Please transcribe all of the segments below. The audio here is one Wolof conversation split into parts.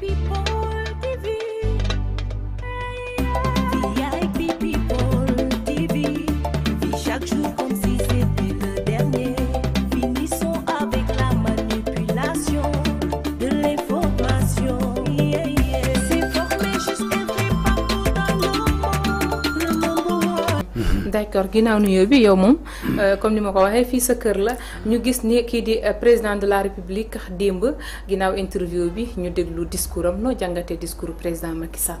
people Babacar ginnaaw nuyoo bi yow moom. Euh, comme ni ma ko waxee fii sa kër la ñu gis ni kii di euh, président de la république démb ginnaaw interview bi ñu déglu discours am noo jàngatee discours président Macky Sall.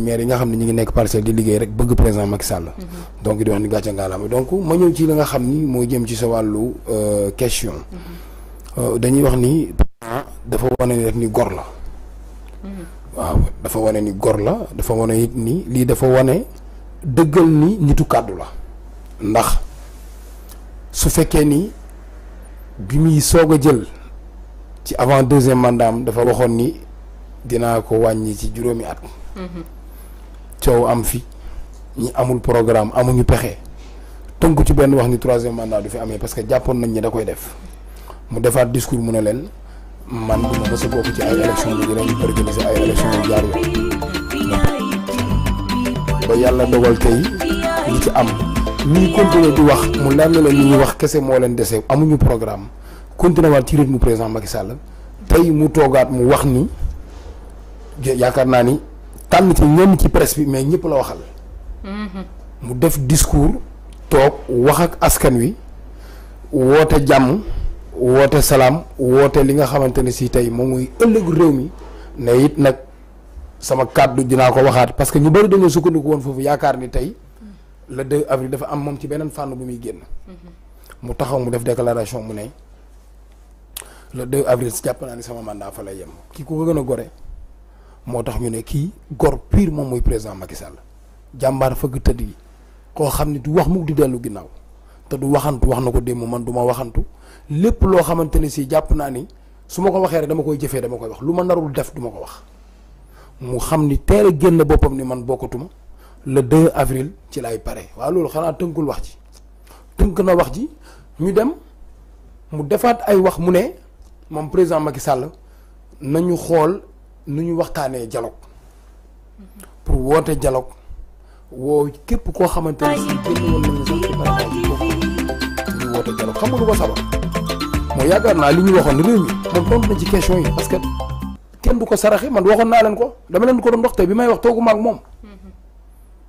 maire yi nga xam ne ñu ngi nekk parcelle di liggéey rek bëgg président Macky Sall. Mhm. donc di wax ni gàcce ngaalaama donc ma ñëw ci li nga xam ni moo jëm ci sa wàllu euh, question. Mhm. Euh, dañuy wax ni dafa wane ni gor la. Mhm. waaw dafa wane ni gor la dafa wane it lii dafa wane dëggal ni nitu kàddu la. ndax su fekkee ni bi muy soog a jël ci avant deuxième mandat am dafa waxoon ni dinaa ko wàññi ci juróomi at. coow am fi ñi amul programme amuñu pexe tënku ci benn wax ni troisième mandat du fi amee parce que jàppoon nañ ñi da koy def mu defaat discours mu ne leen man duma mës a bokk ci ay élection bi dinañ organiser ay élection yu jaar yoon ba yàlla dogal tey li ci am ñuy continuer di wax mu leer na leen wax kese moo leen dese amuñu programme continuer waat ci rythme président Macky Sall tey mu toogaat mu wax ni yaakaar naa ni tànn ci ñenn ci presse bi mais ñëpp la waxal. Mm-hmm. mu def discours toog wax ak askan wi woote jàmm woote salaam woote li nga xamante ne si tey moom muy ëllëgu réew mi ne it nag sama kàddu dinaa ko waxaat parce que ñu bëri dañoo sukkandiku woon foofu yaakaar ni tey la 2 avril dafa am moom ci beneen fànn bu muy génn. Mm-hmm. mu taxaw mu def déclaration mu ne le 2 avril jàpp naa ni sama mandat fa lay yem. ki ko gën a gore. moo tax ñu ne kii gor pur moom mooy président Macky Sall jàmbaar fëgg tëdd yi koo xam ne du wax mukk di dellu ginnaaw te du waxantu wax na ko démb man du ma waxantu lépp loo xamante ne si jàpp naa ni su ma ko waxee rek dama koy jëfee dama koy wax lu ma narul def du ma ko wax mu xam ni teel a génn boppam ni man bokkatuma le 2 avril ci lay pare waaw loolu xanaa tënkul wax ji tënk na wax ji ñu dem mu defaat ay wax mu ne moom président Macky Sall nañu xool nu ñu waxtaanee dialogue pour woote dialogue woo képp koo xamante ne si génn woon nañu xam nga lu ko sabab mooy yaakaar naa li ñu waxoon réew mi moom tontu na ci question yi parce que kenn du ko saraxe man waxoon naa leen ko dama leen ko doon wax tey bi may wax tooguma ak moom mm-hmm.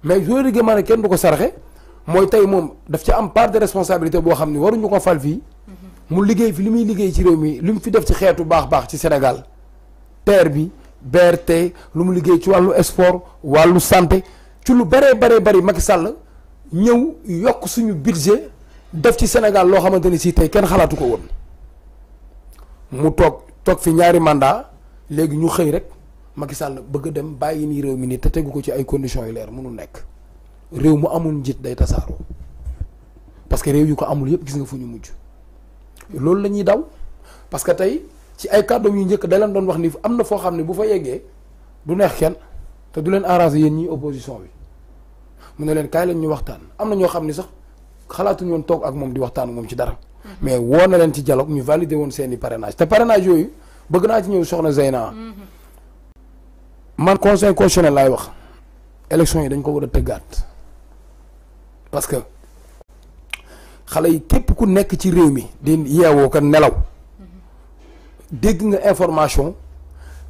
mais soo déggee ma kenn du ko saraxe mooy tey moom daf ci am part de responsabilité boo xam ne waruñu ko fal fii mm-hmm. mu liggéey fi li muy liggéey ci réew mi li mu fi def ci xeetu baax baax ci Sénégal bi BRT lu mu liggéey ci wàllu sport wàllu santé ci lu bëree bëree bari Macky Sall ñëw yokk suñu budget def ci Sénégal loo xamante ni si tey kenn xalaatu ko woon mu toog toog fi ñaari mandat léegi ñu xëy rek Macky Sall bëgg dem bàyyi nii réew mi nii te tegu ko ci ay conditions yu leer mënul nekk réew mu amul njit day tasaaroo parce que réew yu ko amul yëpp gis nga fu ñu mujj loolu lañuy ñuy daw parce tey. ci ay kàddoom yu njëkk da leen doon wax ni am na foo xam ne bu fa yeggee du neex kenn te du leen arrangé yéen ñi opposition bi mu ne leen kaay leen ñu waxtaan am na ñoo xam ne sax xalaatuñu woon toog ak moom di waxtaan moom ci dara. Mhm. mais woo na leen ci dialogue ñu validé woon seeni i parrainage te parrainage yooyu bëgg naa ci ñëw soxna Zeyna. Mhm. man conseil constitutionnel laay wax. élection yi dañ ko war a tëggaat parce que xale yi képp ku nekk ci réew mi di yeewoo ko nelaw. dégg nga information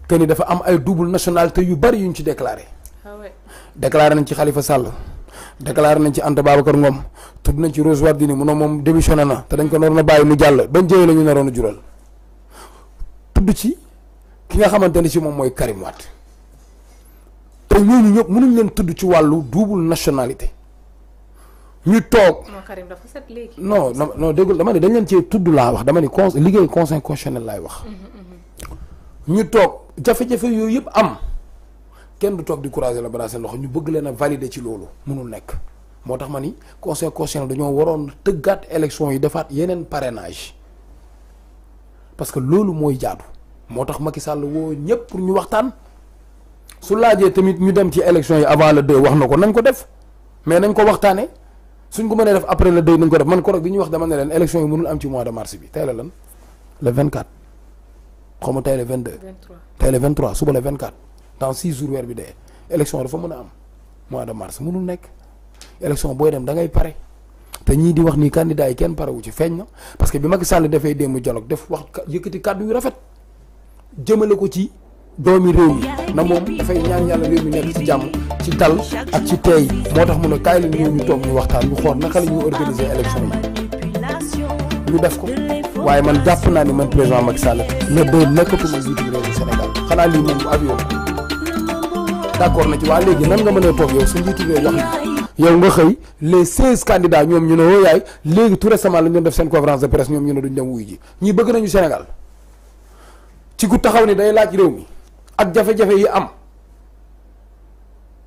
que ni dafa am ay double nationalité yu bari yuñ ci déclaré. Ah déclarer nañ ci Khalifa Sall. déclarer nañ ci Anta Babacar Ngom tud nañ ci Rose Wardini mu ne moom démissionné na té dañ ko norna bayyi mu jall bañ jëye lañu ñu naroon a jural tudd ci ki nga xamanteni ci mom moy Karim Wade te ñooñu ñëpp mënuñ leen tud ci walu double nationalité. ñu toog. non Karim dafa set léegi. non non déggul dama ne dañ leen cee tudd laa wax dama ne con liggéey conseil constitutionnel laay wax. Mhm, mhm. ñu toog jafe-jafe yooyu yëpp am kenn du toog di courage la bara seen loxo ñu bëgg leen a valider ci loolu mënul nekk moo tax ma ni conseil constitutionnel dañoo waroon tëggaat élection yi defaat yeneen parrainage parce que loolu mooy jaadu moo tax Macky Sall woo ñëpp pour ñu waxtaan su laajee tamit ñu dem ci élection yi avant la 2 wax na ko nañ ko def mais nañ ko waxtaanee. suñ ko mënee def après le deux nañ ko def man ko rek biñu wax dama ne élection yi mënul am ci mois de mars bi tay la lan le 24 xomu tay le 22 tay le 23 suba le 24 dans 6 jours wër bi dé élection dafa mëna am mois de mars mënul nek, élection boy dem da ngay pare té ñi di wax ni candidat yi kenn wu ci feeñ parce que bi Macky Sall défé dem dialogue def wax yëkëti kàddu yu rafet jëmele ko ci domi réew na moom fay ñaan yalla réew mi nekk ci jamm ci tal ak ci teey moo tax mu ne kaay la ñëw ñu ñu waxtaan ñu xool naka la ñuy organiser élection ñu def ko waaye man jàpp naa ni man président Macky Sall la doon nekkatuma njiitu réewu Sénégal xanaa lii moom bu avion d' na ci waa léegi nan nga mën a toog yow sa njiitu réew wax yow nga xëy les seize candidats ñoom ñu ne woo yaay léegi tout récemment la ñu doon def seen conférence de presse ñoom ñu ne duñ dem wuy ji ñii bëgg nañu Sénégal ci ku taxaw ni day laaj réew mi ak jafe-jafe yi am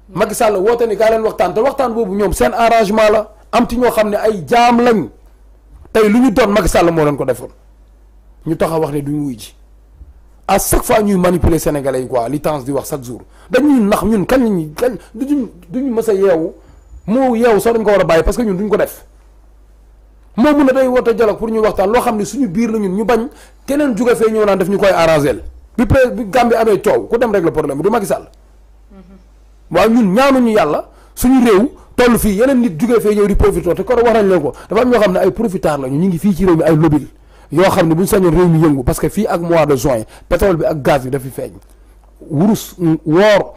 Macky Sall woote ni kaa leen waxtaan te waxtaan boobu ñoom seen arrangement la am ci ñoo xam ne ay jaam lañ tey lu ñu doon Macky Sall moo leen ko defoon ñu tax a wax ne du ñu ji à chaque fois ñuy manipuler sénégalais yi quoi li temps di wax chaque jour dañuy nax ñun kañ lañuy kañ duñu duñu mës a yeewu moo yeewu sax dañ ko war a bàyyi parce que ñun duñ ko def moo mun a day woote dialogue pour ñu waxtaan loo xam ne suñu biir na ñun ñu bañ keneen jóge fee ñëw naan daf ñu koy arrangel bi pré bi Gambie amee coow ku dem rek le problème du Macky Sall waaw ñun ñu yàlla suñu réew toll fii yeneen nit jugee fee ñëw di profité te kon war nañ leen ko dafa am ñoo xam ne ay profiteurs lañu ñu ngi fii ci réew mi ay lobby yoo xam ne bu ñu sañoon réew mi yëngu parce que ak mois de juin pétrole bi ak gaz bi dafi feeñ wurus woor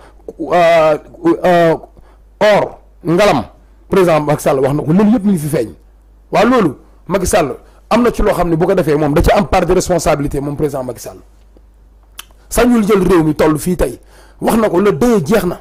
euh, euh, or ngalam président Macky Sall wax na ko loolu yëpp mi ngi fi feeñ waaw loolu Macky Sall am na ci loo xam ne bu ko defee moom da ci am part de responsabilité moom président Macky Sall sañul jël réew mi toll fii tey wax na ko le dee jeex na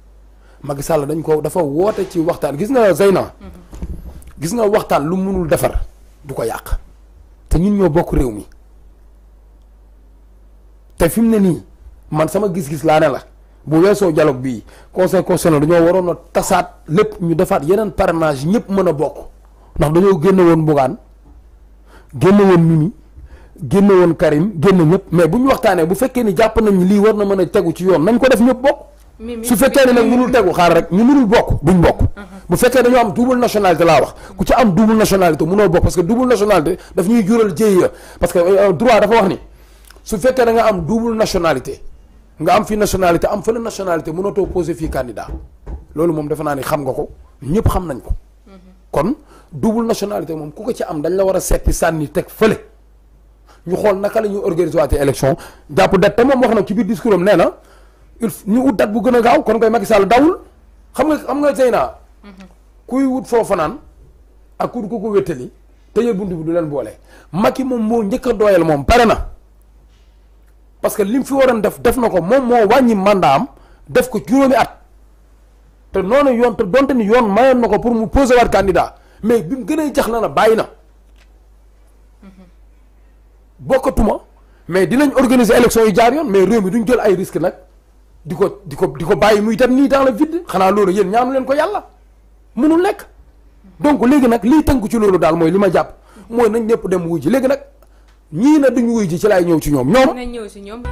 Macky Sall dañ ko dafa woote ci waxtaan gis nga Zeyna gis nga waxtaan lu mënul defar du ko yàq te ñun ñoo bokk réew mi te fi mu ne nii man sama gis-gis laa ne la bu weesoo dialogue bi conseil constitutionnel dañoo waroon a tasaat lépp ñu defaat yeneen parrainage ñëpp mën a bokk ndax dañoo génne woon Bougane génne woon Mimi génne woon Karim génne ñëpp mais bu ñu waxtaanee bu fekkee ni jàpp nañ lii war na mën a tegu ci yoon nañ ko def ñëpp bokk. su fekkee uh-huh. double nationalité laa wax double nationalité parce que double nationalité daf parce que euh, euh, droit dafa wax ni su double nationalité vous am une nationalité am une nationalité avez poser candidat lolu mom defana ni xam nga ko xam uh-huh. double nationalité ku ko am dañ la vous élection discours ñu ut date bu gën gaaw kon koy Macky Sall dawul xam nga xam nga Zeyna kuy wut foo fanaan ak ku ko ko wéttali tëjal jekar bi du leen boole Macky moom moo njëkk a doyal moom pare na parce que lim fi waroon def def na ko moom moo def ko at te te donte ni na ko pour mu posé waat candidat mais bi mu gën jax na bàyyi na mais dinañ organiser élection yu jaar yoon mais réew mi duñ jël ay risque di ko di ko di ko bàyyi muy dem nii dans la vide xanaa loolu yéen ñaanu leen ko yàlla mënul nekk donc léegi nag liy ko ci loolu daal mooy li ma jàpp mooy nañ ñëpp dem wuy ji léegi nag ñii na duñ wuy ji ci laay ñëw ci ñoom ñoom